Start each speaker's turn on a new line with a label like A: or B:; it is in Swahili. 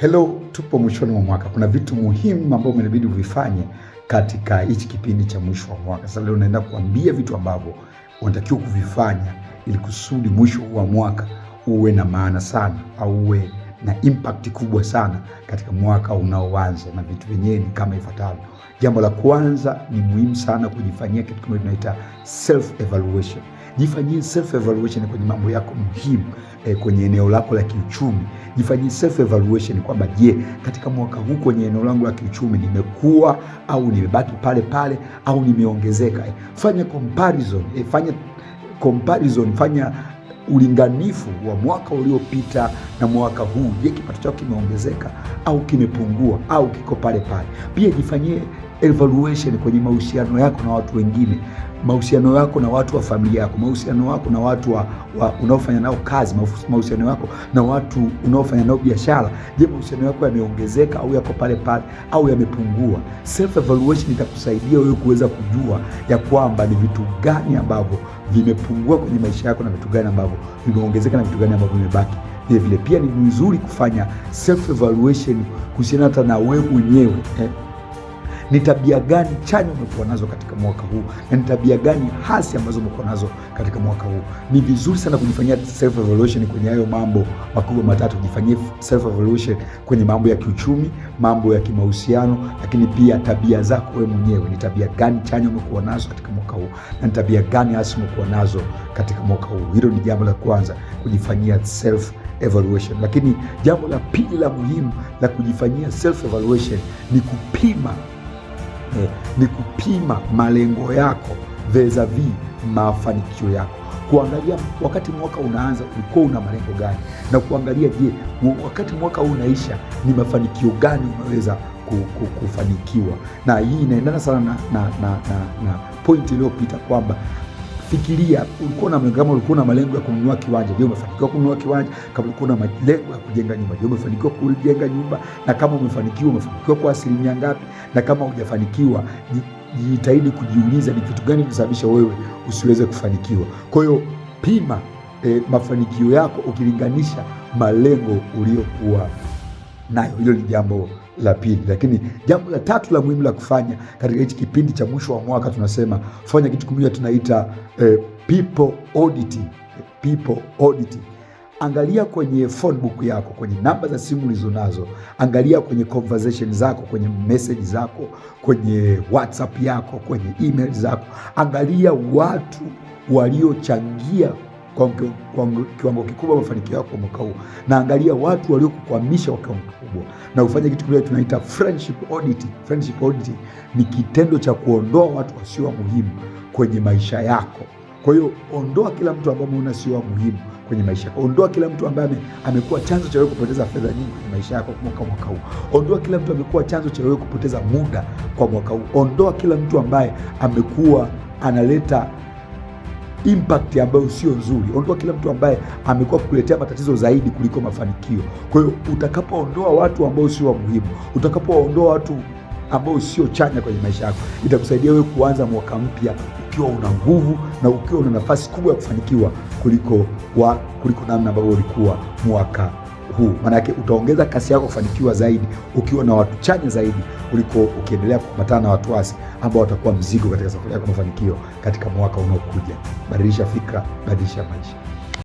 A: Hello, tupo mwishoni mwa mwaka. Kuna vitu muhimu ambavyo inabidi uvifanye katika hichi kipindi cha mwisho wa mwaka. Sasa leo naenda kuambia vitu ambavyo unatakiwa kuvifanya ili kusudi mwisho wa mwaka uwe na maana sana au uwe na impact kubwa sana katika mwaka unaoanza, na vitu vyenyewe ni kama ifuatavyo. Jambo la kwanza, ni muhimu sana kujifanyia kitu kama tunaita self evaluation. Jifanyie self evaluation kwenye mambo yako muhimu e, kwenye eneo lako la kiuchumi. Jifanyie self evaluation kwamba je, katika mwaka huu kwenye eneo langu la kiuchumi nimekuwa au nimebaki pale pale au nimeongezeka? E, fanya comparison e, fanya comparison, fanya ulinganifu wa mwaka uliopita na mwaka huu. Je, kipato chako kimeongezeka au kimepungua au kiko pale pale? Pia jifanyie evaluation kwenye mahusiano yako na watu wengine, mahusiano yako na watu wa familia yako, mahusiano yako na watu wa, wa unaofanya nao kazi, mahusiano yako na watu unaofanya nao biashara. Je, mahusiano yako yameongezeka au yako pale pale au yamepungua? Self evaluation itakusaidia wewe kuweza kujua ya kwamba ni vitu gani ambavyo vimepungua kwenye maisha yako na vitu gani ambavyo vimeongezeka na vitu gani ambavyo vimebaki. Vilevile pia ni vizuri kufanya self evaluation kuhusiana hata na wewe mwenyewe eh? ni tabia gani chanya umekuwa nazo katika mwaka huu na ni tabia gani hasi ambazo umekuwa nazo katika mwaka huu. Ni vizuri sana kujifanyia self evaluation kwenye hayo mambo makubwa matatu. Jifanyie self evaluation kwenye mambo ya kiuchumi, mambo ya kimahusiano, lakini pia tabia zako wewe mwenyewe. Ni tabia gani chanya umekuwa nazo katika mwaka huu na ni tabia gani hasi umekuwa nazo katika mwaka huu? Hilo ni jambo la kwanza, kujifanyia self evaluation. Lakini jambo la pili la muhimu la kujifanyia self evaluation ni kupima eh, ni kupima malengo yako vezavi mafanikio yako, kuangalia wakati mwaka unaanza ulikuwa una malengo gani, na kuangalia je, wakati mwaka huu unaisha ni mafanikio gani umeweza kufanikiwa. Na hii inaendana sana na, na, na, na, na pointi iliyopita kwamba Fikiria, ulikuwa na mlengamo, ulikuwa na malengo ya kununua kiwanja, je, umefanikiwa kununua kiwanja? Kama ulikuwa na malengo ya kujenga nyumba, je, umefanikiwa kujenga nyumba? Na kama umefanikiwa, umefanikiwa kwa asilimia ngapi? Na kama hujafanikiwa, jitahidi kujiuliza ni kitu gani kimesababisha wewe usiweze kufanikiwa. Kwa hiyo pima eh, mafanikio yako ukilinganisha malengo uliyokuwa nayo. Hilo ni jambo la pili. Lakini jambo la tatu la muhimu la kufanya katika hichi kipindi cha mwisho wa mwaka, tunasema fanya kitu kimoja tunaita eh, people audit. People audit. Angalia kwenye phone book yako, kwenye namba za simu ulizonazo, angalia kwenye conversation zako, kwenye message zako, kwenye whatsapp yako, kwenye email zako, angalia watu waliochangia kwa kiwango kikubwa mafanikio yako kwa mwaka huu, na angalia watu waliokukwamisha kwa kiwango kikubwa, na ufanye kitu kile tunaita friendship audit. Friendship audit ni kitendo cha kuondoa watu wasio wa muhimu kwenye maisha yako. Kwa hiyo ondoa kila mtu ambaye unaona sio wa muhimu kwenye maisha yako. Ondoa kila mtu ambaye amekuwa chanzo cha wewe kupoteza fedha nyingi kwenye maisha yako mwaka mwaka huu. Ondoa kila mtu amekuwa chanzo cha wewe kupoteza muda kwa mwaka huu. Ondoa kila mtu ambaye amekuwa analeta impact ambayo sio nzuri. Ondoa kila mtu ambaye amekuwa kukuletea matatizo zaidi kuliko mafanikio. Kwa hiyo utakapoondoa watu ambao sio wa muhimu, utakapoondoa watu ambao sio chanya kwenye maisha yako, itakusaidia wewe kuanza mwaka mpya ukiwa una nguvu na ukiwa una nafasi kubwa ya kufanikiwa kuliko wa, kuliko namna ambavyo ulikuwa mwaka huu, maanake utaongeza kasi yako kufanikiwa zaidi ukiwa na watu chanya zaidi kuliko ukiendelea kupatana na watu wasi ambao watakuwa mzigo katika safari yako mafanikio katika mwaka unaokuja. Badilisha fikra, badilisha maisha.